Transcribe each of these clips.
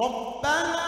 ربنا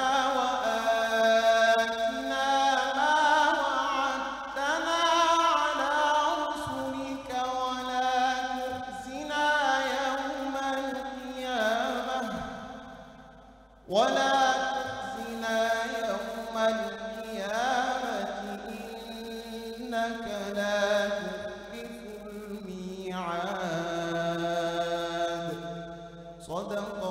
ولا تخزنا يوم القيامة إنك لا تخلف الميعاد صدق